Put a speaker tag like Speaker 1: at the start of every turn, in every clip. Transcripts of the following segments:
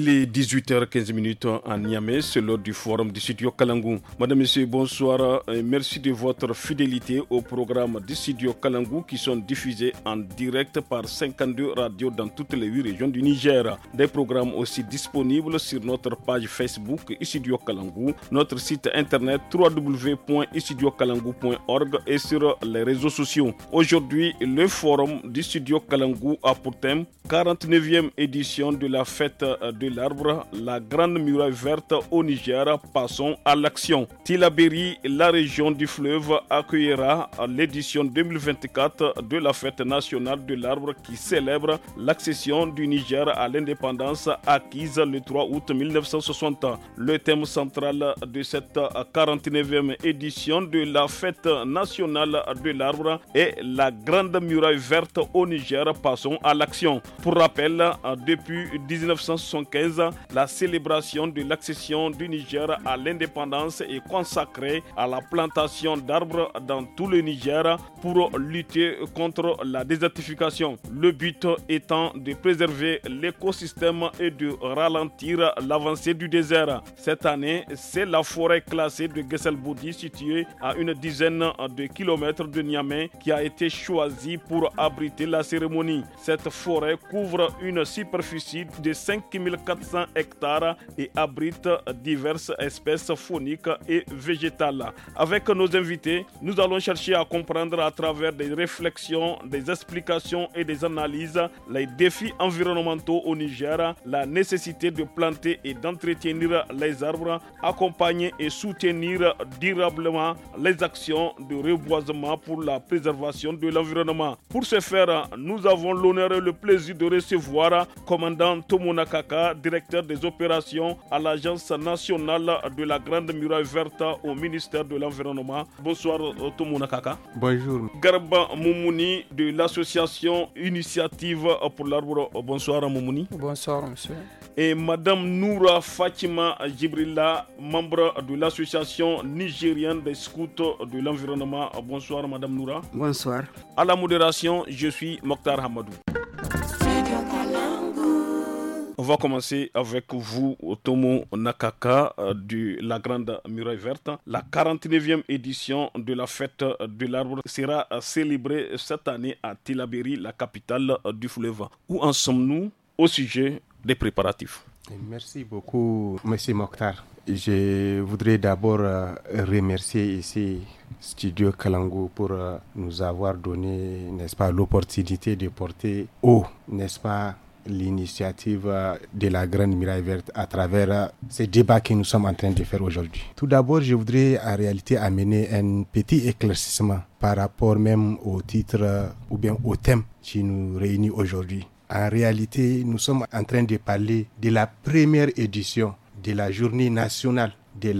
Speaker 1: Il est 18h15 en Niamey, c'est l'heure du forum du studio Kalangou. Madame, Monsieur, bonsoir et merci de votre fidélité au programme du studio Kalangou qui sont diffusés en direct par 52 radios dans toutes les 8 régions du Niger. Des programmes aussi disponibles sur notre page Facebook Studio Kalangou, notre site internet Kalangou.org et sur les réseaux sociaux. Aujourd'hui, le forum du studio Kalangou a pour thème 49e édition de la fête de l'arbre, la grande muraille verte au Niger. Passons à l'action. Tilaberi, la région du fleuve, accueillera l'édition 2024 de la fête nationale de l'arbre qui célèbre l'accession du Niger à l'indépendance acquise le 3 août 1960. Le thème central de cette 49e édition de la fête nationale de l'arbre est la grande muraille verte au Niger. Passons à l'action. Pour rappel, depuis 1975, la célébration de l'accession du Niger à l'indépendance est consacrée à la plantation d'arbres dans tout le Niger pour lutter contre la désertification. Le but étant de préserver l'écosystème et de ralentir l'avancée du désert. Cette année, c'est la forêt classée de Gesselboudi située à une dizaine de kilomètres de Niamey qui a été choisie pour abriter la cérémonie. Cette forêt couvre une superficie de 5000 400 hectares et abrite diverses espèces fauniques et végétales. Avec nos invités, nous allons chercher à comprendre à travers des réflexions, des explications et des analyses les défis environnementaux au Niger, la nécessité de planter et d'entretenir les arbres, accompagner et soutenir durablement les actions de reboisement pour la préservation de l'environnement. Pour ce faire, nous avons l'honneur et le plaisir de recevoir commandant Tomonakaka directeur des opérations à l'Agence nationale de la Grande Muraille Verte au ministère de l'Environnement. Bonsoir euh, Tomouna Bonjour. Garba Moumouni de l'association Initiative pour l'arbre. Bonsoir Moumouni.
Speaker 2: Bonsoir monsieur.
Speaker 1: Et Madame Noura Fatima Djibrila, membre de l'association nigérienne des scouts de l'environnement. Bonsoir Madame Noura. Bonsoir. À la modération, je suis Mokhtar Hamadou. On va commencer avec vous, Tomo Nakaka, euh, de la Grande Muraille Verte. La 49e édition de la fête de l'arbre sera euh, célébrée cette année à Tilaberi, la capitale euh, du fleuve. Où en sommes-nous au sujet des préparatifs Merci
Speaker 3: beaucoup, Monsieur Mokhtar. Je voudrais d'abord remercier ici Studio Kalango pour nous avoir donné, n'est-ce pas, l'opportunité de porter haut, n'est-ce pas, l'initiative euh, de la Grande Miraille Verte à travers euh, ces débats que nous sommes en train de faire aujourd'hui. Tout d'abord, je voudrais en réalité amener un petit éclaircissement par rapport même au titre euh, ou bien au thème qui nous réunit aujourd'hui. En réalité, nous sommes en train de parler de la première édition de la journée nationale de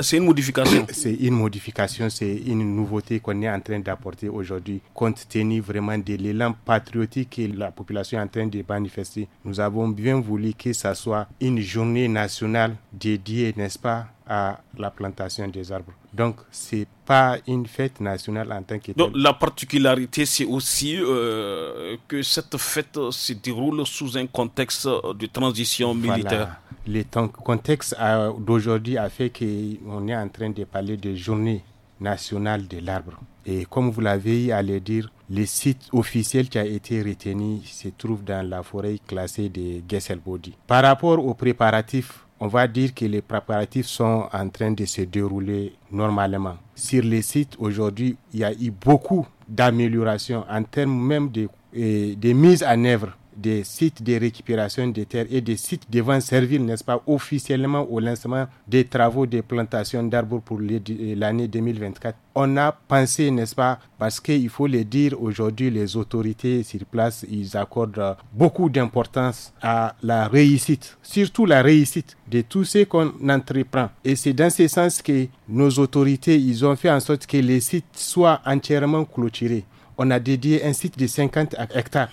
Speaker 3: C'est une modification. C'est une modification, c'est une nouveauté qu'on est en train d'apporter aujourd'hui, compte tenu vraiment de l'élan patriotique que la population est en train de manifester. Nous avons bien voulu que ça soit une journée nationale dédiée, n'est-ce pas, à la plantation des arbres. Donc, ce n'est pas une fête nationale en tant que
Speaker 1: la particularité, c'est aussi euh, que cette fête se déroule sous un contexte de transition militaire.
Speaker 3: Le contexte euh, d'aujourd'hui a fait qu'on est en train de parler de journée nationale de l'arbre. Et comme vous l'avez le dire, le site officiel qui a été retenu se trouve dans la forêt classée de Gesselbody. Par rapport aux préparatifs on va dire que les préparatifs sont en train de se dérouler normalement. Sur les sites, aujourd'hui, il y a eu beaucoup d'améliorations en termes même de, de mise en œuvre des sites de récupération des terres et des sites devant servir, n'est-ce pas, officiellement au lancement des travaux de plantation d'arbres pour euh, l'année 2024. On a pensé, n'est-ce pas, parce qu'il faut le dire, aujourd'hui, les autorités sur place, ils accordent euh, beaucoup d'importance à la réussite, surtout la réussite de tout ce qu'on entreprend. Et c'est dans ce sens que nos autorités, ils ont fait en sorte que les sites soient entièrement clôturés. On a dédié un site de 50 hectares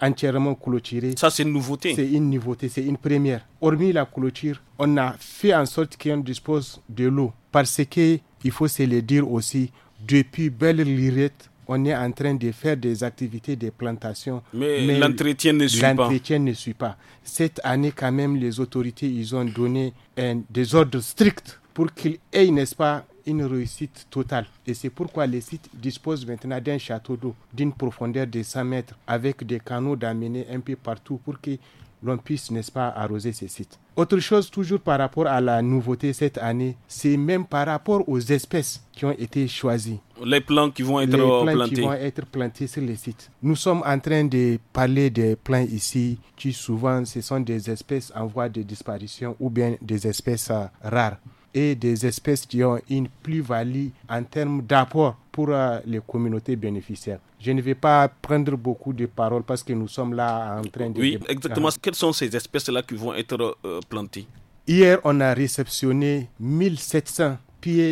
Speaker 3: entièrement clôturé. Ça, c'est une nouveauté. C'est une nouveauté, c'est une première. Hormis la clôture, on a fait en sorte qu'on dispose de l'eau. Parce que, il faut se le dire aussi, depuis Belle Lirette, on est en train de faire des activités de plantation. Mais, l'entretien ne suit pas. L'entretien ne suit pas. Cette année, quand même, les autorités, ils ont donné un, des ordres stricts pour qu'il ait, n'est-ce pas, une réussite totale. Et c'est pourquoi les sites disposent maintenant d'un château d'eau d'une profondeur de 100 mètres avec des canaux d'amener un peu partout pour que l'on puisse, n'est-ce pas, arroser ces sites. Autre chose, toujours par rapport à la nouveauté cette année, c'est même par rapport aux espèces qui ont été choisies. Les plants qui vont être les plants Qui vont être plantés sur les sites. Nous sommes en train de parler des plants ici, qui souvent ce sont des espèces en voie de disparition ou bien des espèces euh, rares et des espèces qui ont une plus-value en termes d'apport pour euh, les communautés bénéficiaires. Je ne vais pas prendre beaucoup de paroles parce que nous sommes là en train de... Oui, exactement.
Speaker 1: Quelles sont ces espèces-là qui vont être euh, plantées
Speaker 3: Hier, on a réceptionné 1700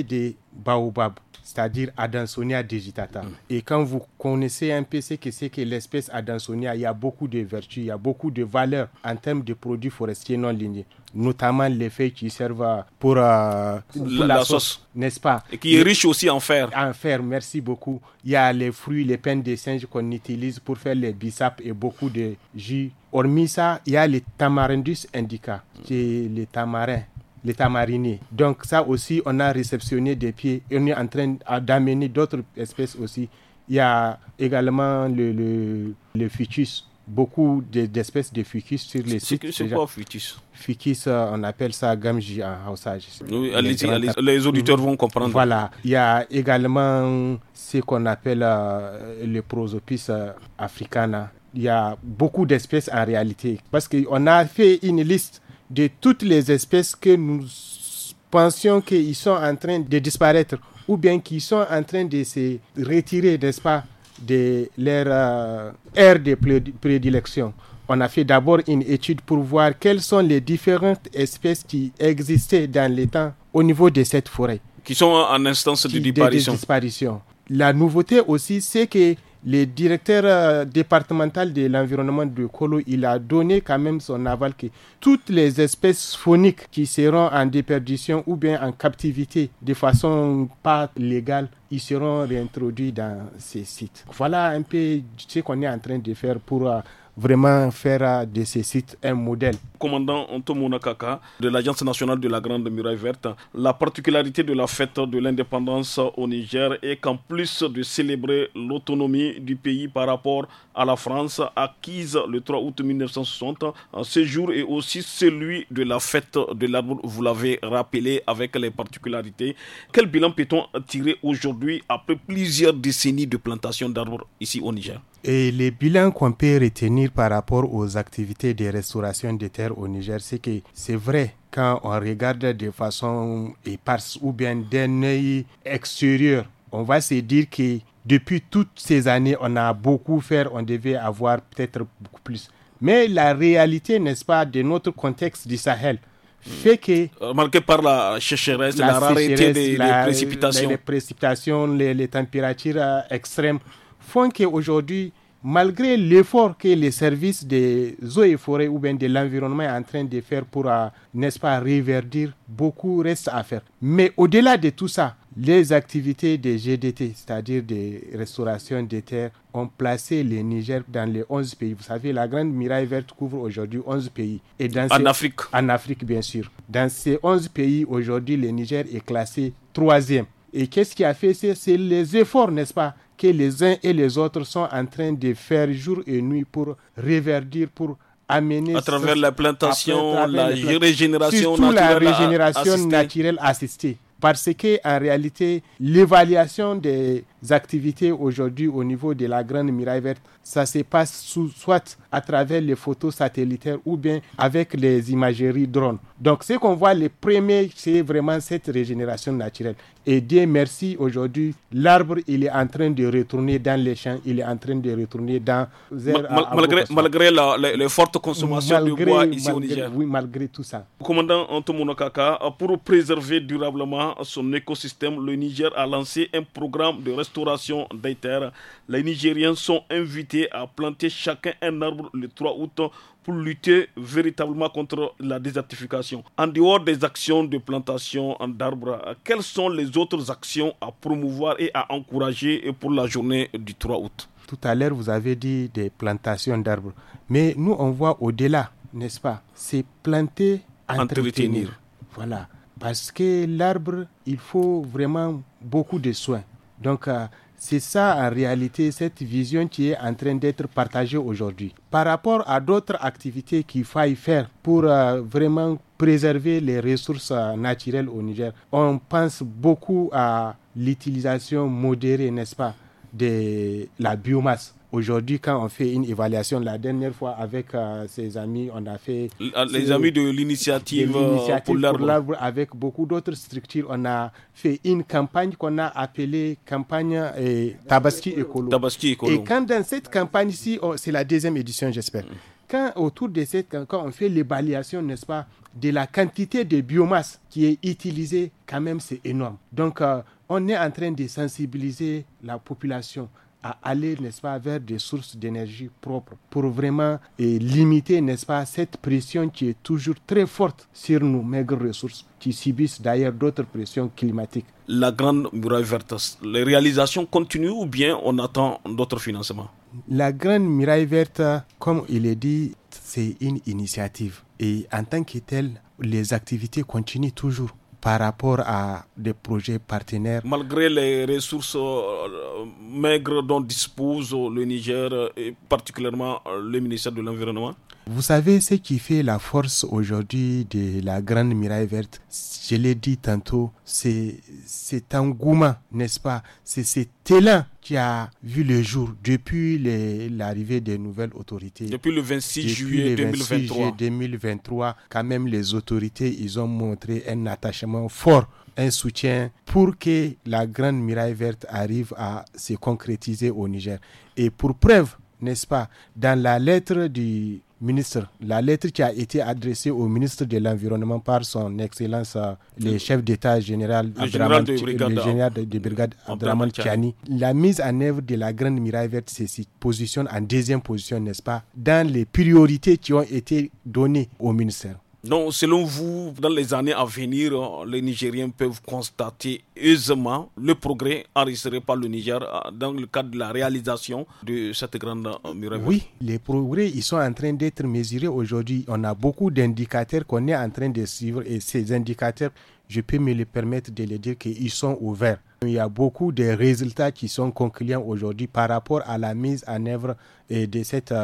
Speaker 3: des baobabs, c'est-à-dire Adansonia digitata. Mm. Et quand vous connaissez un peu ce que c'est que l'espèce Adansonia, il y a beaucoup de vertus, il y a beaucoup de valeurs en termes de produits forestiers non lignés, notamment les feuilles qui servent pour, euh, pour la, sauce, n'est-ce pas Et qui est riche aussi en fer. En fer, merci beaucoup. Il y a les fruits, les peines de singe qu'on utilise pour faire les bisap et beaucoup de jus. Hormis ça, il y a les tamarindus indica, qui est le tamarin l'état mariné. Donc ça aussi, on a réceptionné des pieds on est en train d'amener d'autres espèces aussi. Il y a également le, le, beaucoup d'espèces de fucus sur les sites. C'est quoi fucus Ficus, euh, on appelle ça gamji en hausage. les auditeurs vont comprendre. Voilà, il y a également ce qu'on appelle euh, le prosopis euh, africana. Il y a beaucoup d'espèces en réalité parce qu'on a fait une liste de toutes les espèces que nous pensions qu'ils sont en train de disparaître ou bien qu'ils sont en train de se retirer, n'est-ce pas, de leur ère euh, de prédilection. On a fait d'abord une étude pour voir quelles sont les différentes espèces qui existaient dans les temps au niveau de cette forêt.
Speaker 1: Qui sont en instance De disparition.
Speaker 3: La nouveauté aussi, c'est que le directeur euh, départemental de l'environnement de Kolo, il a donné quand même son aval que toutes les espèces phoniques qui seront en déperdition ou bien en captivité de façon pas légale, ils seront réintroduits dans ces sites. Voilà un peu ce qu'on est en train de faire pour euh, vraiment faire euh, de ces sites un modèle
Speaker 1: commandant Antomo Nakaka de l'Agence nationale de la Grande Muraille Verte, la particularité de la fête de l'indépendance au Niger est qu'en plus de célébrer l'autonomie du pays par rapport à la France acquise le 3 août 1960, ce jour est aussi celui de la fête de l'arbre, vous l'avez rappelé, avec les particularités. Quel bilan peut-on tirer aujourd'hui après plusieurs décennies de plantation d'arbres ici
Speaker 3: au Niger et les bilans qu'on peut retenir par rapport aux activités de restauration des terres au Niger, c'est que c'est vrai, quand on regarde de façon éparse ou bien d'un œil extérieur, on va se dire que depuis toutes ces années, on a beaucoup fait, on devait avoir peut-être beaucoup plus. Mais la réalité, n'est-ce pas, de notre contexte du Sahel, fait que...
Speaker 1: Euh, Marqué par la sécheresse, la, rareté des, précipitations. Les,
Speaker 3: précipitations, les températures euh, extrêmes font qu'aujourd'hui, malgré l'effort que les services des eaux et forêts ou bien de l'environnement est en train de faire pour, euh, n'est-ce pas, réverdir, beaucoup reste à faire. Mais au-delà de tout ça, les activités des GDT, c'est-à-dire des restaurations des terres, ont placé le Niger dans les 11 pays. Vous savez, la Grande Miraille Verte couvre aujourd'hui 11 pays. Et dans en Afrique En Afrique, bien sûr. Dans ces 11 pays, aujourd'hui, le Niger est classé troisième. Et qu'est-ce qui a fait C'est les efforts, n'est-ce pas, que les uns et les autres sont en train de faire jour et nuit pour réverdir, pour amener... À travers la plantation, la régénération surtout naturelle la régénération assistée. naturelle assistée. Parce que en réalité, l'évaluation des activités aujourd'hui au niveau de la Grande Miraille Verte ça se passe soit à travers les photos satellitaires ou bien avec les imageries drones. Donc, ce qu'on voit, les premiers, c'est vraiment cette régénération naturelle. Et Dieu merci, aujourd'hui, l'arbre, il est en train de retourner dans les champs, il est en train de retourner dans... malgré, malgré la, la, forte consommation de bois ici au Niger. Oui, malgré tout ça.
Speaker 1: Commandant Antomono pour préserver durablement son écosystème, le Niger a lancé un programme de restauration des terres. Les Nigériens sont invités à planter chacun un arbre le 3 août pour lutter véritablement contre la désertification. En dehors des actions de plantation d'arbres, quelles sont les autres actions à promouvoir et à encourager pour la journée du 3 août
Speaker 3: Tout à l'heure, vous avez dit des plantations d'arbres, mais nous, on voit au-delà, n'est-ce pas C'est planter, entretenir. Voilà, parce que l'arbre, il faut vraiment beaucoup de soins. Donc, euh, c'est ça en réalité cette vision qui est en train d'être partagée aujourd'hui. Par rapport à d'autres activités qu'il faille faire pour euh, vraiment préserver les ressources euh, naturelles au Niger, on pense beaucoup à l'utilisation modérée, n'est-ce pas, de la biomasse. Aujourd'hui, quand on fait une évaluation, la dernière fois avec euh, ses amis, on a fait... Euh, les amis de l'initiative euh, pour l'arbre. Avec beaucoup d'autres structures, on a fait une campagne qu'on a appelée campagne Tabaski Écolo. Et quand dans cette campagne-ci, oh, c'est la deuxième édition, j'espère. Quand autour de cette campagne, on fait l'évaluation, n'est-ce pas, de la quantité de biomasse qui est utilisée, quand même, c'est énorme. Donc, on est en train de sensibiliser la population à aller, n'est-ce pas, vers des sources d'énergie propres pour vraiment eh, limiter, n'est-ce pas, cette pression qui est toujours très forte sur nos maigres ressources, qui subissent d'ailleurs d'autres pressions climatiques.
Speaker 1: La grande muraille verte, les réalisations continuent ou bien on attend d'autres financements
Speaker 3: La grande muraille verte, comme il est dit, c'est une initiative. Et en tant que telle, les activités continuent toujours par rapport à des projets partenaires.
Speaker 1: Malgré les ressources euh, maigres dont dispose le Niger et particulièrement euh, le ministère de l'Environnement
Speaker 3: vous savez ce qui fait la force aujourd'hui de la Grande Miraille Verte Je l'ai dit tantôt, c'est cet engouement, n'est-ce pas C'est cet élan qui a vu le jour depuis l'arrivée des nouvelles autorités. Depuis le 26, juillet, le 26 2023. juillet 2023, quand même les autorités, ils ont montré un attachement fort un soutien pour que la Grande Miraille Verte arrive à se concrétiser au Niger. Et pour preuve, n'est-ce pas, dans la lettre du ministre, la lettre qui a été adressée au ministre de l'Environnement par son Excellence, euh, le chef d'État général, de brigade, Kiani, la mise en œuvre de la Grande Miraille verte se positionne en deuxième position, n'est-ce pas, dans les priorités qui ont été données au ministère.
Speaker 1: Donc, selon vous, dans les années à venir, les Nigériens peuvent constater aisément le progrès enregistré par le Niger euh, dans le cadre de la réalisation de cette grande euh, muraille. Oui,
Speaker 3: les progrès, ils sont en train d'être mesurés aujourd'hui. On a beaucoup d'indicateurs qu'on est en train de suivre et ces indicateurs, je peux me le permettre de les dire qu'ils sont ouverts. Il y a beaucoup de résultats qui sont concluants aujourd'hui par rapport à la mise en œuvre euh, de cette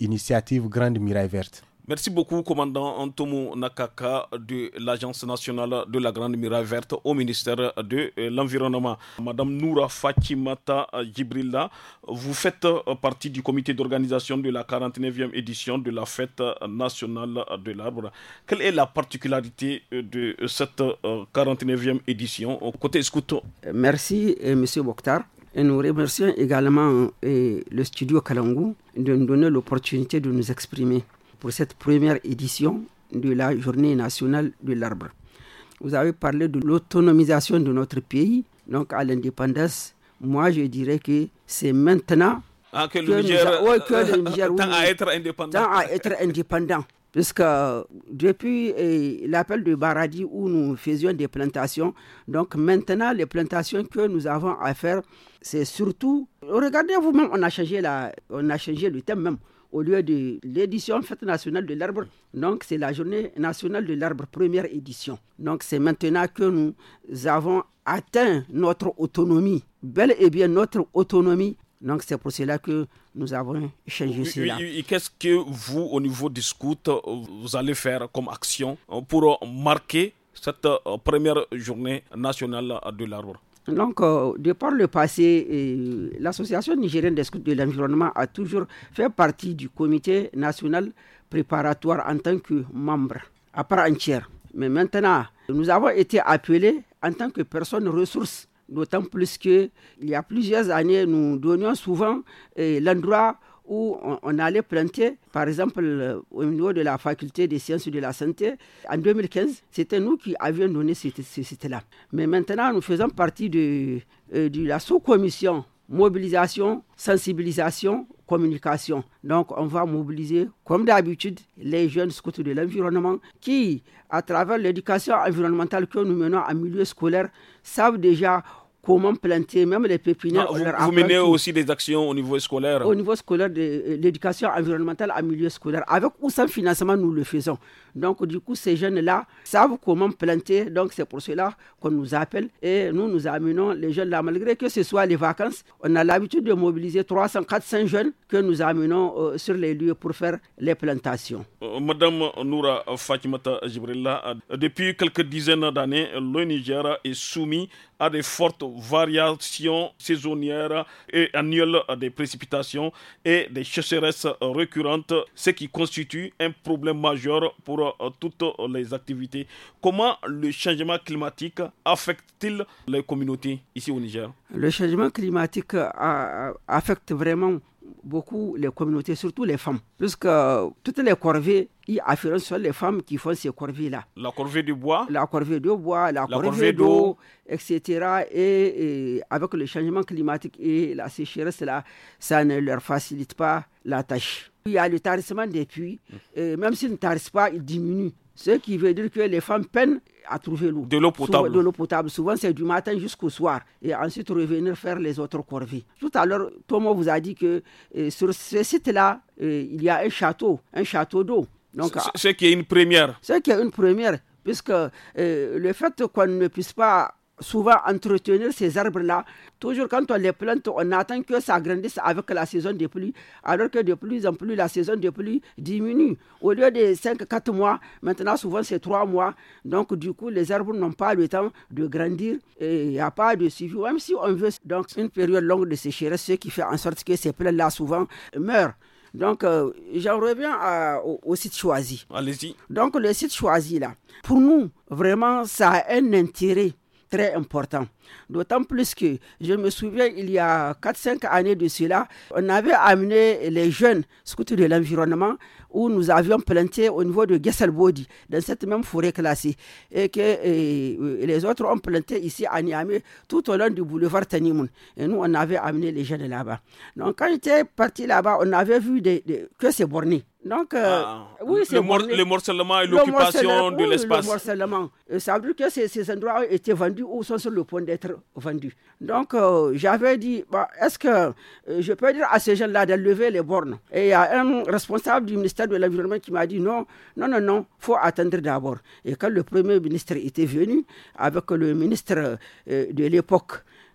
Speaker 3: initiative Grande miraille Verte.
Speaker 1: Merci beaucoup, commandant Antomo Nakaka de l'Agence nationale de la Grande Muraille Verte au ministère de euh, l'Environnement. Madame Noura Fatimata Djibrilla, vous faites euh, partie du comité d'organisation de la 49e édition de la Fête nationale de l'arbre. Quelle est la particularité euh, de cette 49e édition
Speaker 4: côté scout Merci, Monsieur Bokhtar. Et nous remercions également le studio Kalangu de nous donner l'opportunité de nous exprimer pour cette première édition de la Journée nationale de l'arbre. Vous avez parlé de l'autonomisation de notre pays, donc à l'indépendance. Moi, je dirais que c'est maintenant
Speaker 1: ah, que, nous, à être
Speaker 4: indépendant. Tant à être indépendant. Puisque euh, depuis euh, l'appel de Baradi où nous faisions des plantations, donc maintenant les plantations que nous avons à faire, c'est surtout, regardez vous-même, on a changé la, on a changé le thème même au lieu de l'édition Fête nationale de l'arbre. Donc, c'est la journée nationale de l'arbre, première édition. Donc, c'est maintenant que nous avons atteint notre autonomie, bel et bien notre autonomie. Donc, c'est pour cela que nous avons changé cela.
Speaker 1: et qu'est-ce que vous, au niveau du scout, euh, vous allez faire comme action euh, pour euh, marquer cette première journée nationale de l'arbre
Speaker 4: donc, euh, de par le passé, euh, l'Association nigérienne des de l'environnement a toujours fait partie du comité national préparatoire en tant que membre à part entière. Mais maintenant, nous avons été appelés en tant que personnes ressources, d'autant plus qu'il y a plusieurs années, nous donnions souvent euh, l'endroit où on, allait planter, par exemple, euh, au niveau de la faculté des sciences de la santé, en 2015, c'était nous qui avions donné ce site-là. Mais maintenant, nous faisons partie euh, de, la sous-commission mobilisation, sensibilisation, communication. Donc, on va mobiliser, comme d'habitude, les jeunes scouts de l'environnement qui, à travers l'éducation environnementale que nous menons en milieu scolaire, savent déjà comment planter même les pépinières. Ah, vous, menez aussi
Speaker 1: des actions au niveau scolaire Au
Speaker 4: niveau scolaire, de euh, l'éducation environnementale à milieu scolaire. Avec ou sans financement, nous le faisons. Donc, du coup, ces jeunes-là savent comment planter. Donc, c'est pour cela qu'on nous appelle et nous, nous amenons les jeunes-là. Malgré que ce soit les vacances, on a l'habitude de mobiliser 300, 400 jeunes que nous amenons euh, sur les lieux pour faire les plantations.
Speaker 1: Euh, madame Noura Fatimata Jibrilla, depuis quelques dizaines d'années, le Niger est soumis à des fortes variations saisonnières et annuelles des précipitations et des sécheresses récurrentes, ce qui constitue un problème majeur pour euh, toutes les activités. Comment le changement climatique affecte-t-il les communautés ici au Niger
Speaker 4: Le changement climatique euh, euh, affecte vraiment beaucoup les communautés, surtout les femmes, puisque euh, toutes les corvées y affirment sur les femmes qui font ces corvées-là. La corvée du bois La corvée de bois, la, corvée, d'eau, etc. Et, avec le changement climatique et la sécheresse, là, ça ne leur facilite pas la tâche. Il y a le tarissement des puits, même s'ils ne tarissent pas, ils diminuent ce qui veut dire que les femmes peinent à trouver l'eau. De l'eau potable. de l'eau potable. Souvent, c'est du matin jusqu'au soir. Et ensuite, revenir faire les autres corvées. Tout à l'heure, Thomas vous a dit que euh, sur ce site-là, euh, il y a un château, un château d'eau. Ah,
Speaker 1: ce, qui est une première.
Speaker 4: Ce qui est une première, puisque euh, le fait qu'on ne puisse pas souvent entretenir ces arbres-là. Toujours quand on les plante, on attend que ça grandisse avec la saison des pluies, alors que de plus en plus la saison des pluies diminue. Au lieu de 5-4 mois, maintenant souvent c'est 3 mois. Donc du coup, les arbres n'ont pas le temps de grandir et il n'y a pas de suivi. Même si on veut donc une période longue de sécheresse, ce qui fait en sorte que ces plantes-là souvent meurent. Donc, euh, j'en reviens à, au, site choisi. Allez-y. Donc, le site choisi, là, pour nous, vraiment, ça a un intérêt très important. D'autant plus que je me souviens, il y a 4-5 années de cela, on avait amené les jeunes scouts de l'environnement où nous avions planté au niveau de Gesselbodi, dans cette même forêt classée, et que les autres ont planté ici à Niamey, tout au long du boulevard Tanimoun. Et nous, on avait amené les jeunes là-bas. Donc, quand j'étais parti là-bas, on avait vu des, que c'est borné. Donc, euh, ah, oui, le,
Speaker 1: morcellement et l'occupation de l'espace. Le
Speaker 4: morcellement. Euh, veut dire que ces, endroits étaient vendus ou sont sur le point d'être vendus. Donc, euh, j'avais dit, bah, est-ce que je peux dire à ces gens-là de lever les bornes Et il y a un responsable du ministère de l'Environnement qui m'a dit non, non, non, non, faut attendre d'abord. Et quand le premier ministre était venu avec le ministre de l'époque,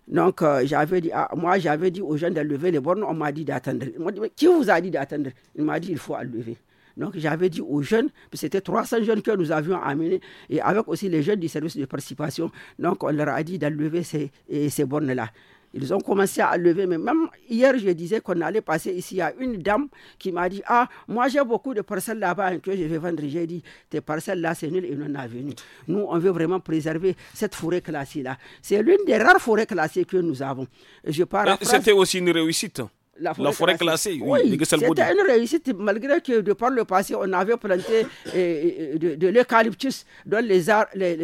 Speaker 4: donc, euh, j'avais dit, ah, moi, j'avais dit aux jeunes de lever les bornes. On m'a dit d'attendre. Qui vous a dit d'attendre Il m'a dit, il faut lever. Donc, j'avais dit aux jeunes, c'était 300 jeunes que nous avions amenés, et avec aussi les jeunes du service de participation. Donc, on leur a dit d'enlever ces, ces bornes-là. Ils ont commencé à lever, mais même hier, je disais qu'on allait passer ici. à une dame qui m'a dit Ah, moi j'ai beaucoup de parcelles là-bas hein, que je vais vendre. J'ai dit Tes parcelles là, c'est nul et a venu. » Nous, on veut vraiment préserver cette forêt classée-là. C'est l'une des rares forêts classées que nous avons. Je C'était
Speaker 1: aussi une réussite. La forêt, classée. oui, c'était une
Speaker 4: réussite malgré que de par le passé on avait planté euh, euh, de, l'eucalyptus dont les,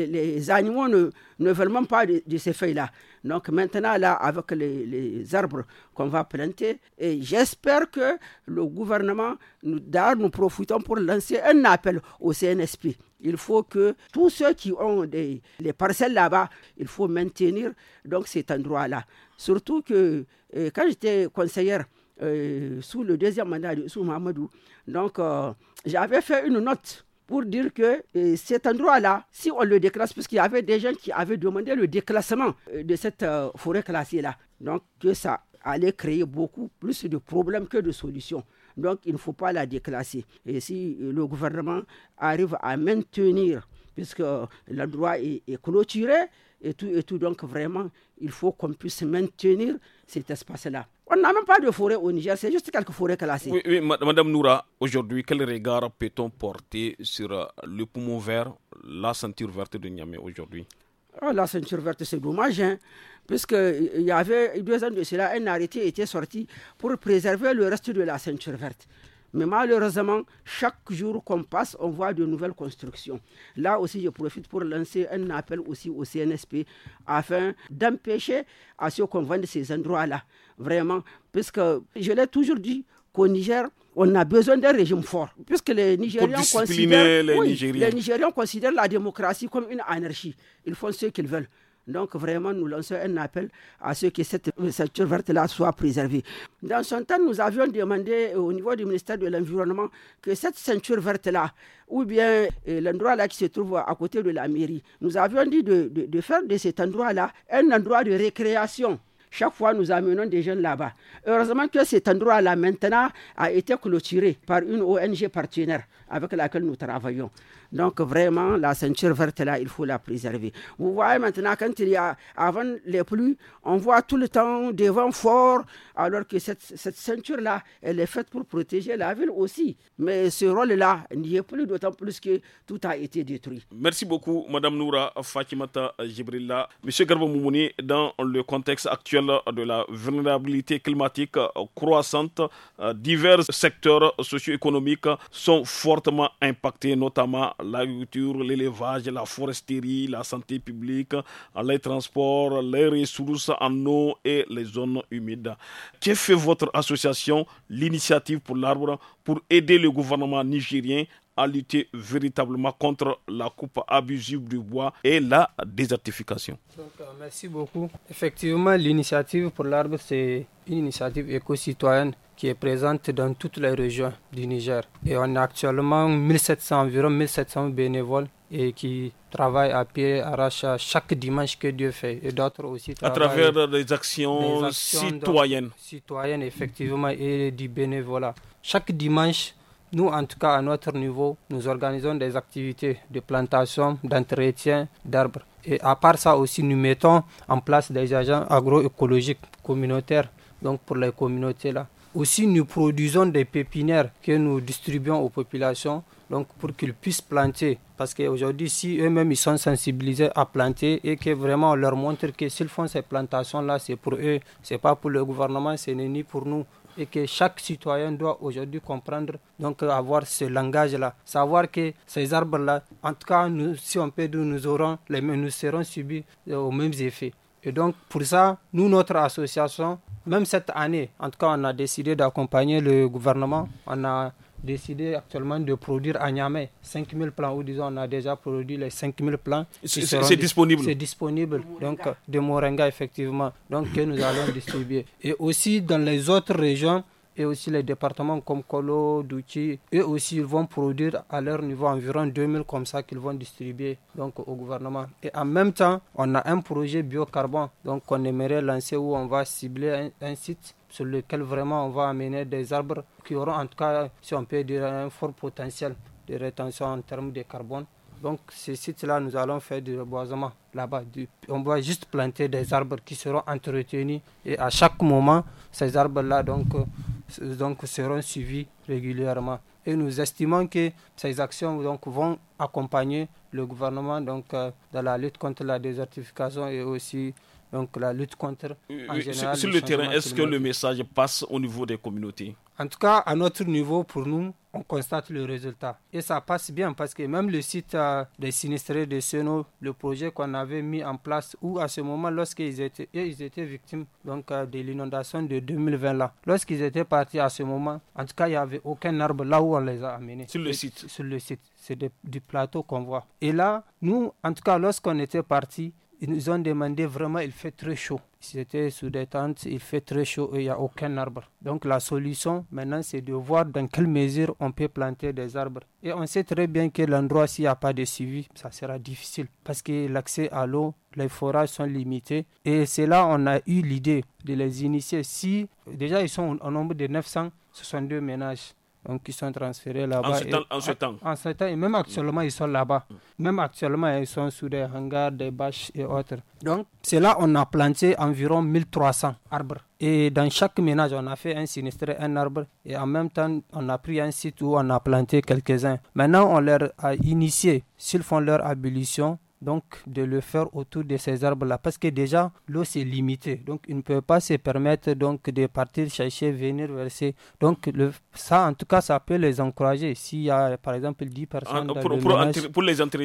Speaker 4: les, animaux ne, ne veulent même pas de ces feuilles-là. Donc maintenant, là, avec les, arbres qu'on va planter, et j'espère que le gouvernement, nous, nous profitons pour lancer un appel au CNSP. Il faut que tous ceux qui ont des les parcelles là-bas, il faut maintenir donc cet endroit-là. Surtout que euh, quand j'étais conseillère, euh, sous le deuxième mandat de Sous Donc, euh, j'avais fait une note pour dire que euh, cet endroit-là, si on le déclasse, puisqu'il y avait des gens qui avaient demandé le déclassement euh, de cette euh, forêt classée-là, donc que ça allait créer beaucoup plus de problèmes que de solutions. Donc il ne faut pas la déclasser. Et si le gouvernement arrive à maintenir, puisque l'endroit est clôturé, et tout, et tout. Donc vraiment, il faut qu'on puisse maintenir cet espace-là. On n'a même pas de forêt au Niger, c'est juste quelques forêts classées. Oui,
Speaker 1: oui Madame Noura, aujourd'hui, quel regard peut-on porter sur euh, le poumon vert, la ceinture verte de Niamey aujourd'hui
Speaker 4: oh, La ceinture verte, c'est dommage, hein, il y avait deux ans de cela, un arrêté était sorti pour préserver le reste de la ceinture verte. Mais malheureusement, chaque jour qu'on passe, on voit de nouvelles constructions. Là aussi, je profite pour lancer un appel aussi au CNSP afin d'empêcher à ceux qu'on vende ces endroits-là. Vraiment, puisque je l'ai toujours dit qu'au Niger, on a besoin d'un régime fort, puisque les Nigérians, considèrent, les Nigériens considèrent la démocratie comme une anarchie. Ils font ce qu'ils veulent. Donc vraiment, nous lançons un appel à ce que cette euh, ceinture verte-là soit préservée. Dans son temps, nous avions demandé euh, au niveau du ministère de l'Environnement que cette ceinture verte-là, ou bien euh, l'endroit-là qui se trouve à côté de la mairie, nous avions dit de faire de cet endroit-là un endroit de récréation. Chaque fois, nous amenons des jeunes là-bas. Heureusement que cet endroit-là, maintenant, a été clôturé par une ONG partenaire avec laquelle nous travaillons. Donc vraiment, la ceinture verte là, il faut la préserver. Vous voyez maintenant, quand il y a avant les pluies, on voit tout le temps des vents forts, alors que cette, ceinture là, elle est faite pour protéger la ville aussi. Mais ce rôle-là n'y est plus, d'autant plus que tout a été détruit.
Speaker 1: Merci beaucoup, Madame Noura Fatimata Jibrilla. Monsieur Garba Moumouni, dans le contexte actuel de la vulnérabilité climatique croissante, euh, divers secteurs socio-économiques sont fortement impactés, notamment l'agriculture, l'élevage, la foresterie, la santé publique, les transports, les ressources en eau et les zones humides. Que fait votre association, l'initiative pour l'arbre, pour aider le gouvernement nigérien à lutter véritablement contre la coupe abusive du bois et la désertification. Euh,
Speaker 2: merci beaucoup. Effectivement, l'initiative pour l'arbre, c'est une initiative éco-citoyenne qui est présente dans toutes les régions du Niger. Et on a actuellement 1700, environ 1700 bénévoles et qui travaillent à pied, à rachat, chaque dimanche que Dieu fait. Et d'autres aussi À travers des actions, citoyennes. Citoyennes, effectivement, et du bénévolat. Chaque dimanche, nous, en tout cas, à notre niveau, nous organisons des activités de plantation, d'entretien d'arbres. Et à part ça aussi, nous mettons en place des agents agroécologiques communautaires, donc pour les communautés là. Aussi, nous produisons des pépinières que nous distribuons aux populations donc pour qu'ils puissent planter. Parce qu'aujourd'hui, si eux-mêmes ils sont sensibilisés à planter et que vraiment on leur montre que s'ils font ces plantations-là, c'est pour eux, c'est pas pour le gouvernement, ce n'est ni pour nous et que chaque citoyen doit aujourd'hui comprendre, donc avoir ce langage-là, savoir que ces arbres-là, en tout cas, nous, si on peut nous aurons les nous serons subis euh, aux mêmes effets. Et donc, pour ça, nous, notre association, même cette année, en tout cas, on a décidé d'accompagner le gouvernement. On a décidé actuellement de produire à Niamey 5000 plans, ou disons, on a déjà produit les 5000 plans. C'est disponible. C'est disponible, donc, de Moringa, effectivement, donc, que nous allons distribuer. Et aussi, dans les autres régions, et aussi les départements comme Colo, Douchi, eux aussi ils vont produire à leur niveau environ 2000 comme ça qu'ils vont distribuer donc au gouvernement. Et en même temps, on a un projet biocarbon donc qu'on aimerait lancer où on va cibler un, un site sur lequel vraiment on va amener des arbres qui auront en tout cas, si on peut dire, un fort potentiel de rétention en termes de carbone. Donc, ces sites-là, nous allons faire du reboisement là-bas. On va juste planter des arbres qui seront entretenus. Et à chaque moment, ces arbres-là, donc, donc, seront suivis régulièrement. Et nous estimons que ces actions donc, vont accompagner le gouvernement donc, euh, dans la lutte contre la désertification et aussi donc, la lutte contre... Euh, sur le terrain, est-ce que le
Speaker 1: message passe au niveau des communautés
Speaker 2: En tout cas, à notre niveau, pour nous, on constate le résultat. Et ça passe bien parce que même le site euh, des sinistrés de Seno, le projet qu'on avait mis en place, où à ce moment, lorsqu'ils étaient, ils étaient victimes donc, euh, de l'inondation de 2020 là, lorsqu'ils étaient partis à ce moment, en tout cas, il n'y avait aucun arbre là où on les a amenés. Sur le site. Sur le site. C'est du plateau qu'on voit. Et là, nous, en tout cas, lorsqu'on était partis, ils nous ont demandé vraiment, il fait très chaud. C'était sous des tentes, il fait très chaud et il n'y a aucun arbre. Donc la solution maintenant, c'est de voir dans quelle mesure on peut planter des arbres. Et on sait très bien que l'endroit, s'il n'y a pas de suivi, ça sera difficile parce que l'accès à l'eau, les forages sont limités. Et c'est là on a eu l'idée de les initier. Si déjà ils sont au nombre de 962 ménages, donc ils sont transférés là-bas. En ce temps, en ce temps. et même actuellement, ils sont là-bas. Même actuellement, ils sont sous des hangars, des bâches et autres. Donc, c'est là on a planté environ 1300 arbres. Et dans chaque ménage, on a fait un sinistre, un arbre. Et en même temps, on a pris un site où on a planté quelques-uns. Maintenant, on leur a initié, s'ils font leur abolition, donc de le faire autour de ces arbres-là, parce que déjà l'eau c'est limitée. donc ils ne peut pas se permettre donc de partir chercher, venir verser. Donc le, ça, en tout cas, ça peut les encourager. S'il y a par exemple 10 personnes ah, pour, pour, les entretenir.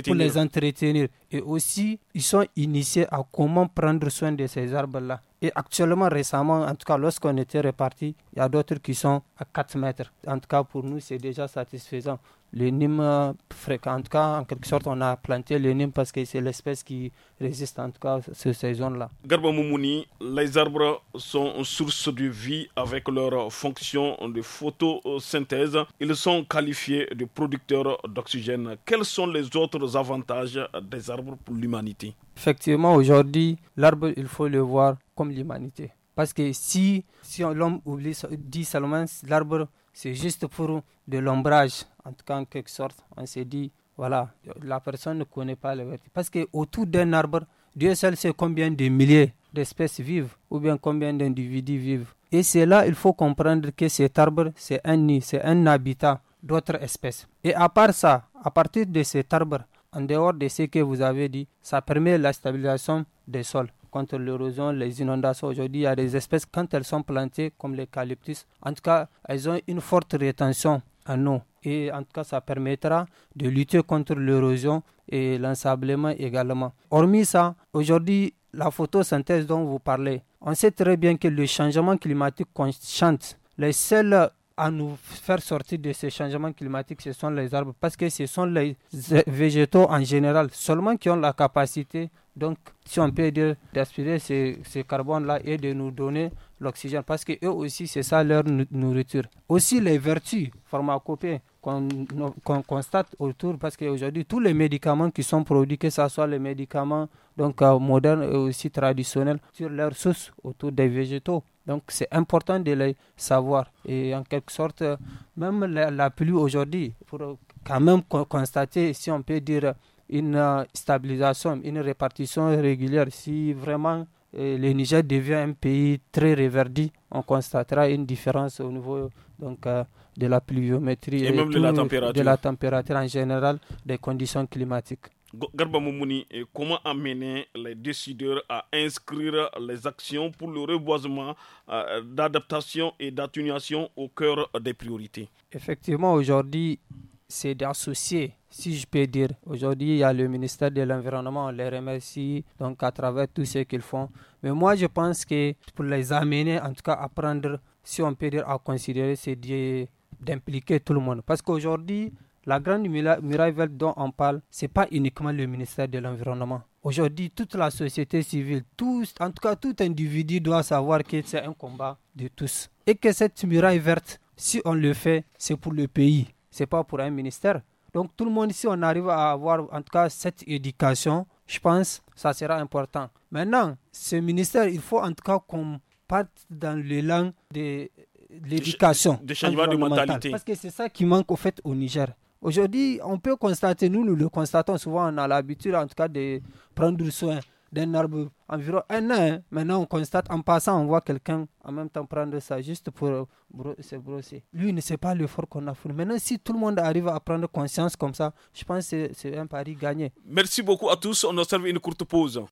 Speaker 2: pour les entretenir, et aussi ils sont initiés à comment prendre soin de ces arbres-là. Et actuellement, récemment, en tout cas, lorsqu'on était répartis, il y a d'autres qui sont à 4 mètres. En tout cas, pour nous, c'est déjà satisfaisant. Les nîmes euh, fréquents, en tout cas, en quelque sorte, on a planté les nîmes parce que c'est l'espèce qui résiste, en tout cas, sur ces zones-là.
Speaker 1: Garba Moumouni, les arbres sont source de vie avec leur fonction de photosynthèse. Ils sont qualifiés de producteurs d'oxygène. Quels sont
Speaker 2: les autres avantages des arbres pour l'humanité Effectivement, aujourd'hui, l'arbre, il faut le voir comme l'humanité. Parce que si, si l'homme oublie, dit seulement l'arbre, c'est juste pour de l'ombrage, en tout cas en quelque sorte. On s'est dit, voilà, la personne ne connaît pas la vérité. Parce qu'autour d'un arbre, Dieu seul sait combien de milliers d'espèces vivent ou bien combien d'individus vivent. Et c'est là il faut comprendre que cet arbre, c'est un nid, c'est un habitat d'autres espèces. Et à part ça, à partir de cet arbre, en dehors de ce que vous avez dit, ça permet la stabilisation des sols contre l'érosion, les inondations. Aujourd'hui, il y a des espèces, quand elles sont plantées, comme l'eucalyptus, en tout cas, elles ont une forte rétention en eau. Et en tout cas, ça permettra de lutter contre l'érosion et l'ensablement également. Hormis ça, aujourd'hui, la photosynthèse dont vous parlez, on sait très bien que le changement climatique consciente les seuls à nous faire sortir de ces changements climatiques, ce sont les arbres, parce que ce sont les végétaux en général seulement qui ont la capacité, donc si on peut dire, d'aspirer ces ces carbone-là et de nous donner l'oxygène, parce que eux aussi, c'est ça leur nourriture. Aussi les vertus pharmacopées qu'on constate autour, parce qu'aujourd'hui, tous les médicaments qui sont produits, que ce soit les médicaments donc, euh, modernes et aussi traditionnels, sur leur source autour des végétaux. Donc c'est important de le savoir. Et en quelque sorte, même la, pluie aujourd'hui, pour quand même constater, si on peut dire, une euh, stabilisation, une répartition régulière, si vraiment euh, le Niger devient un pays très réverdi, on constatera une différence au niveau euh, de la pluviométrie et, même de la température en général, des conditions climatiques.
Speaker 1: Garba Moumouni, comment amener les décideurs à inscrire les actions pour le reboisement euh, d'adaptation et d'atténuation au cœur des priorités
Speaker 2: Effectivement, aujourd'hui, c'est d'associer, si je peux dire. Aujourd'hui, il y a le ministère de l'Environnement, on les remercie donc à travers tout ce qu'ils font. Mais moi, je pense que pour les amener, en tout cas, à prendre, si on peut dire, à considérer, c'est d'impliquer tout le monde. Parce qu'aujourd'hui, la grande muraille verte dont on parle, ce n'est pas uniquement le ministère de l'Environnement. Aujourd'hui, toute la société civile, tous, en tout cas tout individu doit savoir que c'est un combat de tous. Et que cette muraille verte, si on le fait, c'est pour le pays, c'est pas pour un ministère. Donc tout le monde, si on arrive à avoir en tout cas cette éducation, je pense que ça sera important. Maintenant, ce ministère, il faut en tout cas qu'on parte dans le langue de l'éducation. De changement de mentalité. Parce que c'est ça qui manque au fait au Niger. Aujourd'hui, on peut constater, nous, nous le constatons souvent, on a l'habitude en tout cas de prendre soin d'un arbre environ un an. Maintenant, on constate, en passant, on voit quelqu'un en même temps prendre ça juste pour se brosser. Lui ne sait pas l'effort qu'on a fait. Maintenant, si tout le monde arrive à prendre conscience comme ça, je pense que c'est un pari gagné.
Speaker 1: Merci beaucoup à tous. On observe une courte pause.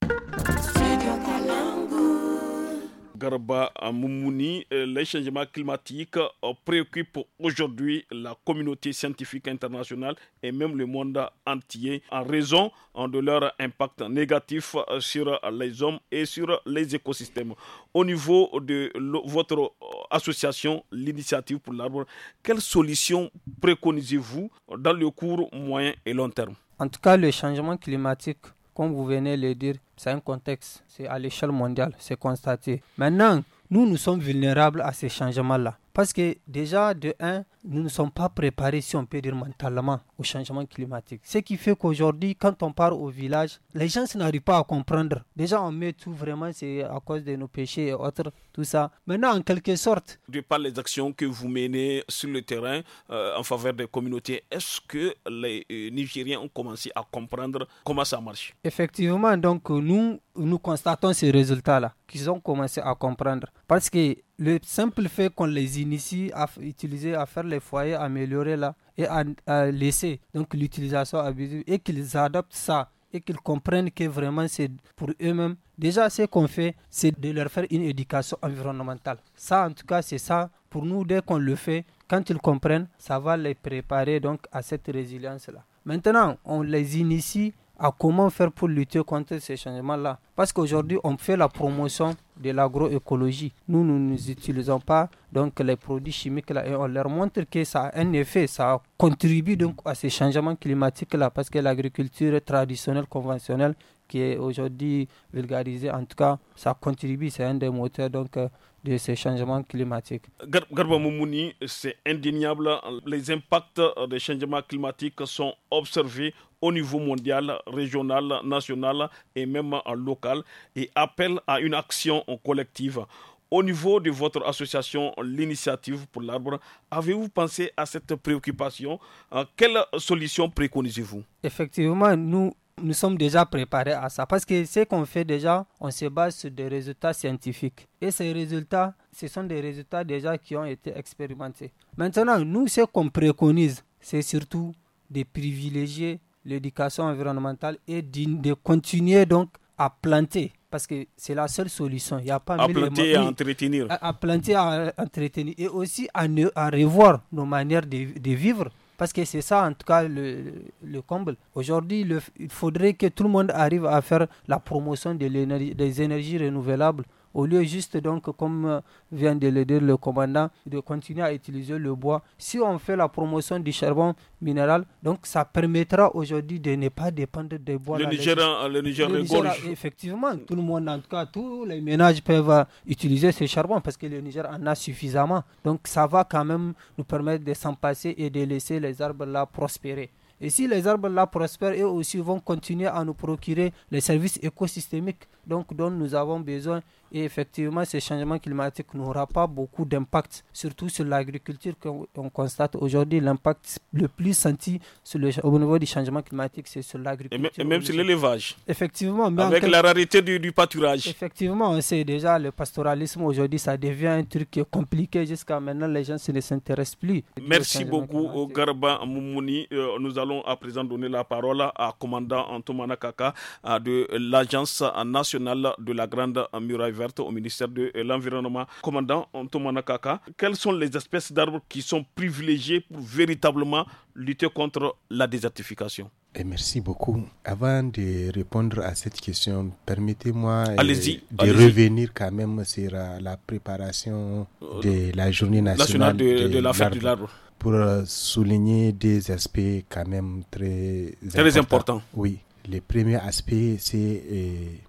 Speaker 1: Garba Moumouni, euh, les changements climatiques euh, préoccupent aujourd'hui la communauté scientifique internationale et même le monde entier en raison de leur impact négatif euh, sur les hommes et sur les écosystèmes. Au niveau de votre association, l'initiative pour l'arbre, quelles solutions préconisez-vous dans le court, moyen et long terme
Speaker 2: En tout cas, le changement climatique comme vous venez de le dire, c'est un contexte, c'est à l'échelle mondiale, c'est constaté. Maintenant, nous, nous sommes vulnérables à ces changements-là. Parce que déjà, de un, nous ne sommes pas préparés, si on peut dire mentalement, au changement climatique. Ce qui fait qu'aujourd'hui, quand on part au village, les gens n'arrivent pas à comprendre. Déjà, on met tout vraiment, c'est à cause de nos péchés et autres, tout ça. Maintenant, en quelque sorte.
Speaker 1: De par les actions que vous menez sur le terrain euh, en faveur des communautés, est-ce que les euh, Nigériens ont commencé à comprendre comment ça marche
Speaker 2: Effectivement, donc nous, nous constatons ces résultats-là, qu'ils ont commencé à comprendre. Parce que le simple fait qu'on les initie à utiliser, à faire les foyers améliorés là et à, laisser donc l'utilisation abusive et qu'ils adoptent ça et qu'ils comprennent que vraiment c'est pour eux-mêmes. Déjà, ce qu'on fait, c'est de leur faire une éducation environnementale. Ça, en tout cas, c'est ça. Pour nous, dès qu'on le fait, quand ils comprennent, ça va les préparer donc à cette résilience-là. Maintenant, on les initie à comment faire pour lutter contre ces changements-là. Parce qu'aujourd'hui, on fait la promotion de l'agroécologie. Nous, nous n'utilisons pas donc, les produits chimiques là, et on leur montre que ça a un effet, ça contribue donc à ces changements climatiques-là parce que l'agriculture traditionnelle, conventionnelle qui est aujourd'hui vulgarisé. En tout cas, ça contribue, c'est un des moteurs donc, euh, de ces changements climatiques.
Speaker 1: Garba Moumouni, c'est indéniable. Les impacts euh, des changements climatiques sont observés au niveau mondial, régional, national et même euh, local et appellent à une action collective. Au niveau de votre association, l'initiative pour l'arbre, avez-vous pensé à cette préoccupation Quelle solution préconisez-vous
Speaker 2: Effectivement, nous, nous sommes déjà préparés à ça. Parce que ce qu'on fait déjà, on se base sur des résultats scientifiques. Et ces résultats, ce sont des résultats déjà qui ont été expérimentés. Maintenant, nous, ce qu'on préconise, c'est surtout de privilégier l'éducation environnementale et de, continuer donc à planter parce que c'est la seule solution. Il y a pas à planter et à entretenir. À, planter, à entretenir et aussi à, à revoir nos manières de, vivre parce que c'est ça, en tout cas, le, comble. Aujourd'hui, il faudrait que tout le monde arrive à faire la promotion de des énergies renouvelables au lieu juste donc, comme euh, vient de le dire le commandant, de continuer à utiliser le bois. Si on fait la promotion du charbon minéral, donc ça permettra aujourd'hui de ne pas dépendre des bois. Le Niger, le Effectivement, tout le monde, en tout cas, tous les ménages peuvent euh, utiliser ce charbon parce que le Niger en a suffisamment. Donc ça va quand même nous permettre de s'en passer et de laisser les arbres là prospérer. Et si les arbres là prospèrent, eux aussi vont continuer à nous procurer les services écosystémiques donc dont nous avons besoin. Et effectivement, ce changement climatique n'aura pas beaucoup d'impact, surtout sur l'agriculture qu'on constate aujourd'hui. L'impact le plus senti au niveau du changement climatique, c'est sur l'agriculture. Et, même sur l'élevage. Effectivement. Avec la rarité
Speaker 1: du, pâturage.
Speaker 2: Effectivement, on sait déjà, le pastoralisme aujourd'hui, ça devient un truc compliqué. Jusqu'à maintenant, les gens ne s'intéressent plus. Merci beaucoup,
Speaker 1: au euh, Garba Moumouni. Euh, nous allons à présent donner la parole à commandant Antoumana Kaka euh, de l'Agence nationale de la Grande Muraille Verte au ministère de l'Environnement. Commandant Antomana Kaka, quelles sont les espèces d'arbres qui sont privilégiées pour véritablement lutter contre la désertification
Speaker 3: et eh, merci beaucoup. Avant de répondre à cette question, permettez-moi eh, de revenir quand même sur euh, la préparation euh, de la journée nationale, de, l'affaire de l'arbre pour euh, souligner des aspects quand même très, très importants. Oui, le premier aspect, c'est eh,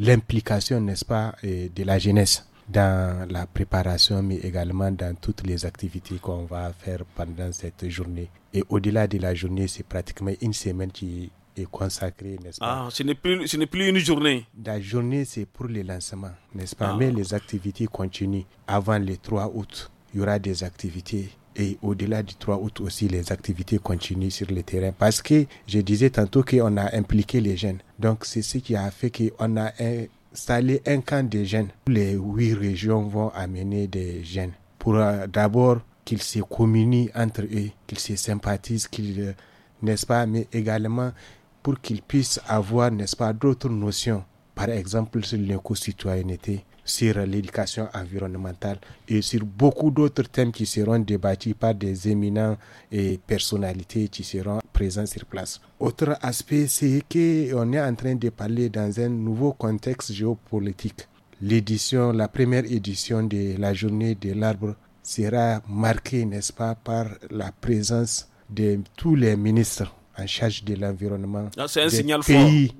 Speaker 3: l'implication, n'est-ce pas, euh, de la jeunesse dans la préparation, mais également dans toutes les activités qu'on va faire pendant cette journée. Et au-delà de la journée, c'est pratiquement une semaine qui est consacrée, n'est-ce pas Ah, ce n'est plus, une journée. La journée, c'est pour les lancements, n'est-ce pas ah. Mais les activités continuent. Avant le 3 août, il y aura des activités et au-delà du 3 août aussi, les activités continuent sur le terrain. Parce que je disais tantôt qu'on a impliqué les jeunes. Donc, c'est ce qui a fait qu'on a installé un camp des jeunes. Les huit régions vont amener des jeunes pour euh, d'abord qu'ils se communient entre eux, qu'ils se sympathisent, qu'ils, euh, n'est-ce pas, mais également pour qu'ils puissent avoir, n'est-ce pas, d'autres notions. Par exemple, sur l'éco-citoyenneté, sur l'éducation environnementale et sur beaucoup d'autres thèmes qui seront débattus par des éminents et personnalités qui seront présents sur place. Autre aspect, c'est qu'on est en train de parler dans un nouveau contexte géopolitique. L'édition, la première édition de la journée de l'arbre sera marquée, n'est-ce pas, par la présence de tous les ministres en charge de l'environnement ah, pays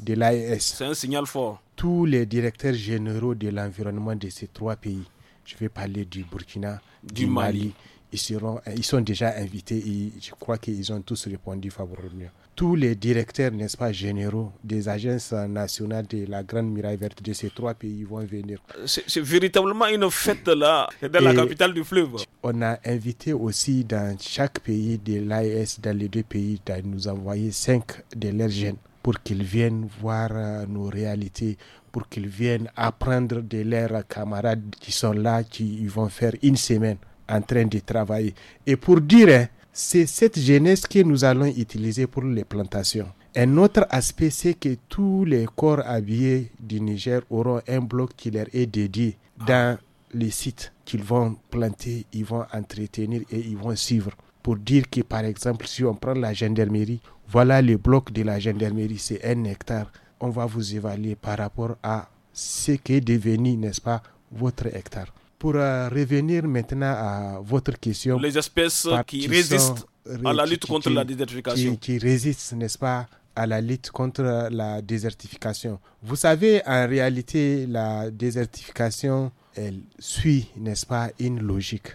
Speaker 3: de l'AES. C'est un signal fort. Tous les directeurs généraux de l'environnement de ces trois pays, je vais parler du Burkina, du, Mali, seront, ils sont déjà invités et je crois qu'ils ont tous répondu favorablement tous les directeurs, n'est-ce pas, généraux des agences nationales de la Grande Miraille Verte de ces trois pays vont venir.
Speaker 1: C'est véritablement une fête là, dans la capitale du fleuve.
Speaker 3: On a invité aussi dans chaque pays de l'AES, dans les deux pays, de nous envoyer cinq de leurs jeunes pour qu'ils viennent voir euh, nos réalités, pour qu'ils viennent apprendre de leurs camarades qui sont là, qui vont faire une semaine en train de travailler. Et pour dire, hein, c'est cette genèse que nous allons utiliser pour les plantations. Un autre aspect, c'est que tous les corps habillés du Niger auront un bloc qui leur est dédié dans les sites qu'ils vont planter, ils vont entretenir et ils vont suivre. Pour dire que, par exemple, si on prend la gendarmerie, voilà le bloc de la gendarmerie, c'est un hectare. On va vous évaluer par rapport à ce qu'est devenu, n'est-ce pas, votre hectare. Pour euh, revenir maintenant à votre question. Les espèces qui résistent à la lutte contre la
Speaker 1: désertification.
Speaker 3: Qui, résistent, n'est-ce pas, à la lutte contre la désertification. Vous savez, en réalité, la désertification, elle suit, n'est-ce pas, une logique.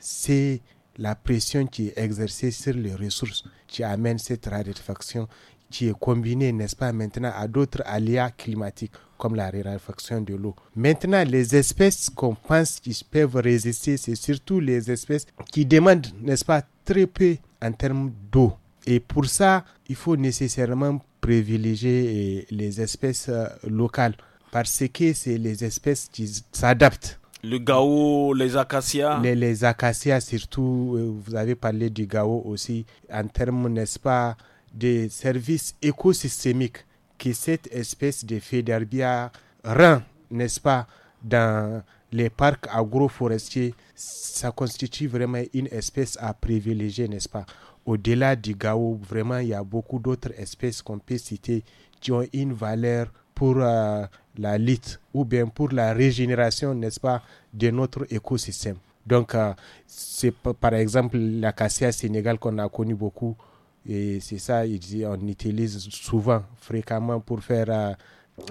Speaker 3: C'est la pression qui est exercée sur les ressources qui amène cette raréfaction qui est combinée, n'est-ce pas, maintenant à d'autres aléas climatiques comme la raréfaction de l'eau. Maintenant, les espèces qu'on pense qui peuvent résister, c'est surtout les espèces qui demandent, n'est-ce pas, très peu en termes d'eau. Et pour ça, il faut nécessairement privilégier eh, les espèces euh, locales parce que c'est les espèces qui s'adaptent.
Speaker 1: Le gao, les acacias
Speaker 3: les, acacias surtout, euh, vous avez parlé du gao aussi, en termes, n'est-ce pas, des services écosystémiques que cette espèce de fédarbia rend, n'est-ce pas, dans les parcs agroforestiers, ça constitue vraiment une espèce à privilégier, n'est-ce pas Au-delà du gao, vraiment, il y a beaucoup d'autres espèces qu'on peut citer qui ont une valeur pour euh, la lite ou bien pour la régénération, n'est-ce pas, de notre écosystème. Donc, euh, c'est par exemple la cassia sénégal qu'on a connu beaucoup et c'est ça, il dit, on utilise souvent, fréquemment, pour faire euh,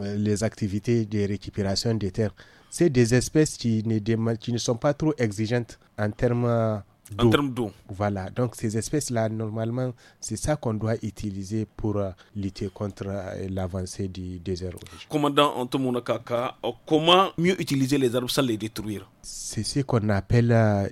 Speaker 3: euh, les activités de récupération des terres. C'est des espèces qui ne, qui ne sont pas trop exigeantes en termes euh, en d'eau. Voilà, donc ces espèces-là, normalement, c'est ça qu'on doit utiliser pour lutter contre l'avancée du désert.
Speaker 1: Commandant comment mieux utiliser les arbres sans les détruire
Speaker 3: C'est ce qu'on appelle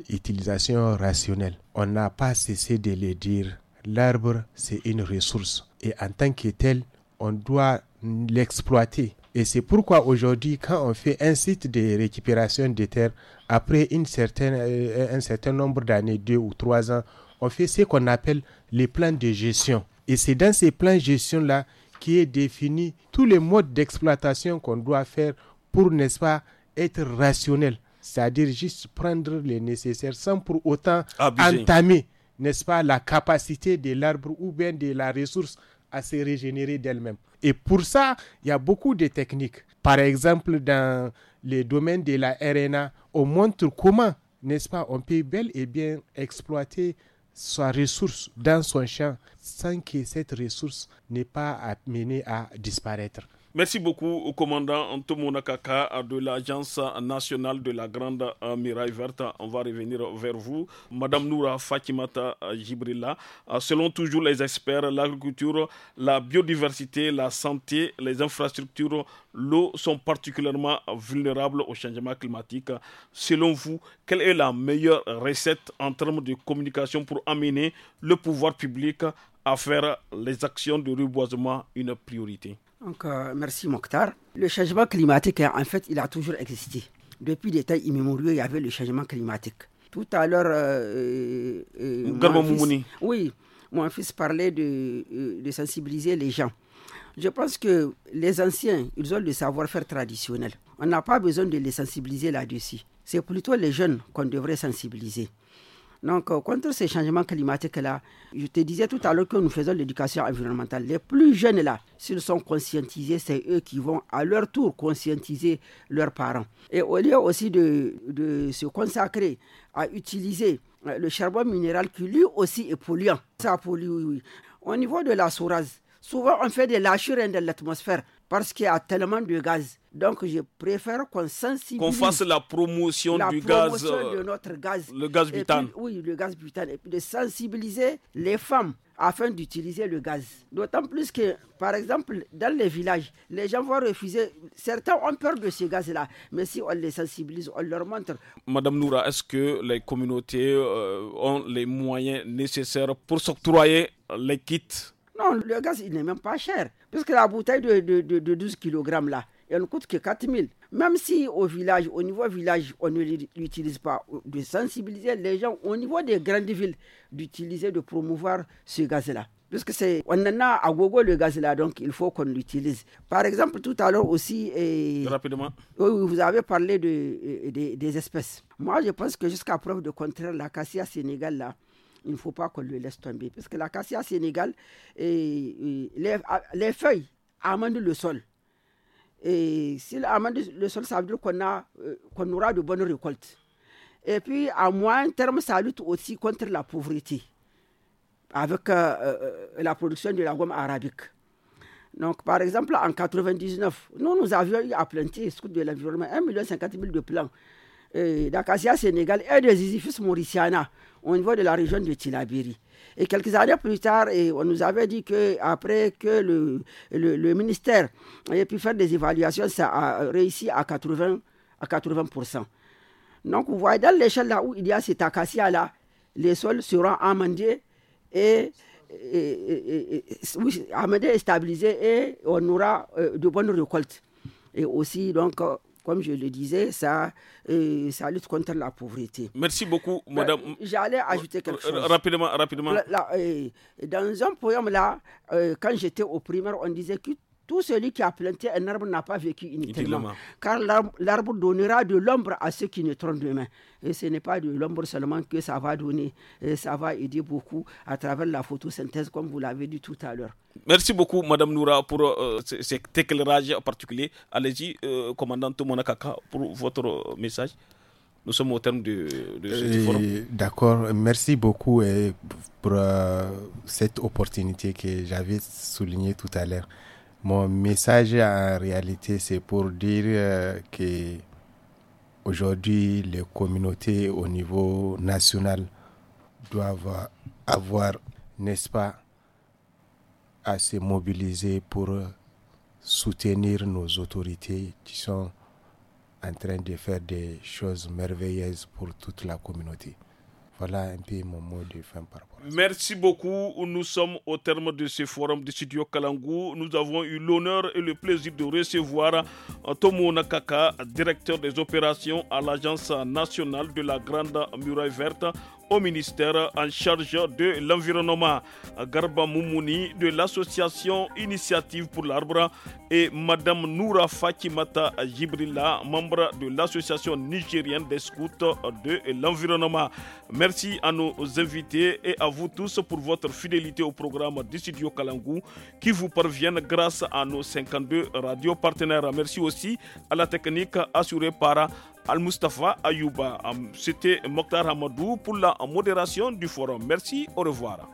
Speaker 3: l'utilisation utilisation rationnelle. On n'a pas cessé de les dire l'arbre, c'est une ressource. Et en tant que tel, on doit l'exploiter. Et c'est pourquoi aujourd'hui, quand on fait un site de récupération des terres, après euh, un certain nombre d'années, deux ou trois ans, on fait ce qu'on appelle les plans de gestion. Et c'est dans ces plans de gestion-là qui est défini tous les modes d'exploitation qu'on doit faire pour, n'est-ce pas, être rationnel. C'est-à-dire juste prendre les nécessaires sans pour autant entamer n'est-ce pas, la capacité de l'arbre ou bien de la ressource à se régénérer d'elle-même. Et pour ça, il y a beaucoup de techniques. Par exemple, dans le domaine de la RNA, on montre comment, n'est-ce pas, on peut bel et bien exploiter sa ressource dans son champ sans que cette ressource n'ait pas amenée à disparaître.
Speaker 1: Merci beaucoup au commandant Antomo Nakaka de l'Agence nationale de la Grande Miraille Verte. On va revenir vers vous. Madame Noura Fatimata Gibrila, selon toujours les experts, l'agriculture, la biodiversité, la santé, les infrastructures, l'eau sont particulièrement vulnérables au changement climatique. Selon vous, quelle est la meilleure recette en termes de communication pour amener le pouvoir public à faire les actions de reboisement
Speaker 4: une priorité donc, euh, merci Mokhtar. Le changement climatique, hein, en fait, il a toujours existé. Depuis des temps immémoriaux, il y avait le changement climatique. Tout à l'heure. Euh, euh, mon fils, oui, mon fils parlait de, de, sensibiliser les gens. Je pense que les anciens, ils ont le savoir-faire traditionnel. On n'a pas besoin de les sensibiliser là-dessus. C'est plutôt les jeunes qu'on devrait sensibiliser. Donc, euh, contre ces changements climatiques-là, je te disais tout à l'heure que nous faisons l'éducation environnementale. Les plus jeunes, là, s'ils sont conscientisés, c'est eux qui vont à leur tour conscientiser leurs parents. Et au lieu aussi de, se consacrer à utiliser euh, le charbon minéral qui lui aussi est polluant, ça pollue, oui, oui. Au niveau de la sourase, souvent on fait des lâchures dans l'atmosphère parce qu'il y a tellement de gaz. Donc, je préfère qu'on sensibilise. Qu'on fasse la
Speaker 1: promotion du gaz. de euh,
Speaker 4: notre gaz.
Speaker 1: Le gaz butane.
Speaker 4: oui, le gaz butane. Et puis de sensibiliser les femmes afin d'utiliser le gaz. D'autant plus que, par exemple, dans les villages, les gens vont refuser. Certains ont peur de ce gaz-là, mais si on les sensibilise, on leur montre.
Speaker 1: Madame Noura, est-ce que les communautés euh, ont les moyens nécessaires pour s'octroyer les kits
Speaker 4: Non, le gaz, il n'est même pas cher. Parce que la bouteille de, de, de 12 kg, là, et ne coûte que 4 000. Même si au village, au niveau village, on ne l'utilise pas, euh, de sensibiliser les gens au niveau des grandes villes, d'utiliser, de promouvoir ce gaz-là. Parce c'est, on en a à gogo le gaz là, donc il faut qu'on l'utilise. Par exemple, tout à l'heure aussi. Rapidement. vous avez parlé de, euh, des espèces. Moi, je pense que jusqu'à preuve de contraire, l'acacia sénégal là, il ne faut pas qu'on le laisse tomber. Parce que l'acacia sénégal, et les, les feuilles amendent le sol. Et eh, si le sol, ça veut dire euh, qu'on aura de bonnes récoltes. Et puis, à moyen terme, ça lutte aussi contre la pauvreté avec euh, euh, la production de la gomme arabique. Donc, par exemple, en 1999, nous, nous avions eu à planter, de l'environnement, 1,5 million de plants d'acacia Sénégal et des isifus mauriciana au niveau de la région de Tilabiri. Et quelques années plus tard, et on nous avait dit qu'après que le, ministère ait pu faire des évaluations, ça a réussi à 80%. À 80%. Donc, vous voyez, dans l'échelle là où il y a cet acacia-là, les sols seront amendés et, amendés stabilisés et on aura euh, de bonnes récoltes. Et aussi, donc, euh, comme je le disais, ça, euh, ça lutte contre la pauvreté. Merci beaucoup, euh, madame. J'allais ajouter quelque euh, chose. Rapidement, rapidement. dans un poème, là, quand j'étais au primaire, on disait que tout celui qui a planté un arbre n'a pas vécu inutilement, car l'arbre donnera de l'ombre à ceux qui ne naîtront demain. Et ce n'est pas de l'ombre seulement que ça va donner, ça va aider beaucoup à travers la photosynthèse, comme vous l'avez dit tout à l'heure.
Speaker 1: Merci beaucoup, Madame Noura, pour euh, cet éclairage en particulier. Allez-y, euh, commandant Tomonakaka pour votre message. Nous sommes au terme de, ce euh, forum.
Speaker 3: D'accord, merci beaucoup pour cette opportunité que j'avais soulignée tout à l'heure. Mon message en réalité, c'est pour dire qu'aujourd'hui, que aujourd'hui, les communautés au niveau national doivent avoir, n'est-ce pas, assez se mobiliser pour soutenir nos autorités qui sont en train de faire des choses merveilleuses pour toute la communauté. Voilà un peu mon mot de fin par rapport.
Speaker 1: Merci beaucoup. Nous sommes au terme de ce forum de Studio Kalangou. Nous avons eu l'honneur et le plaisir de recevoir euh, Tomo Nakaka, directeur des opérations à l'Agence nationale de la Grande Muraille Verte au ministère en charge de l'environnement, Garba Moumouni de l'association Initiative pour l'arbre et Madame Noura Fatimata Jibrila, membre de l'association nigérienne des scouts de l'environnement. Merci à nos invités et à vous tous pour votre fidélité au programme du studio Kalangou qui vous parviennent grâce à nos 52 radios partenaires. Merci aussi à la technique assurée par Al-Mustafa Ayouba. C'était Mokhtar Hamadou pour la modération du forum. Merci, au revoir.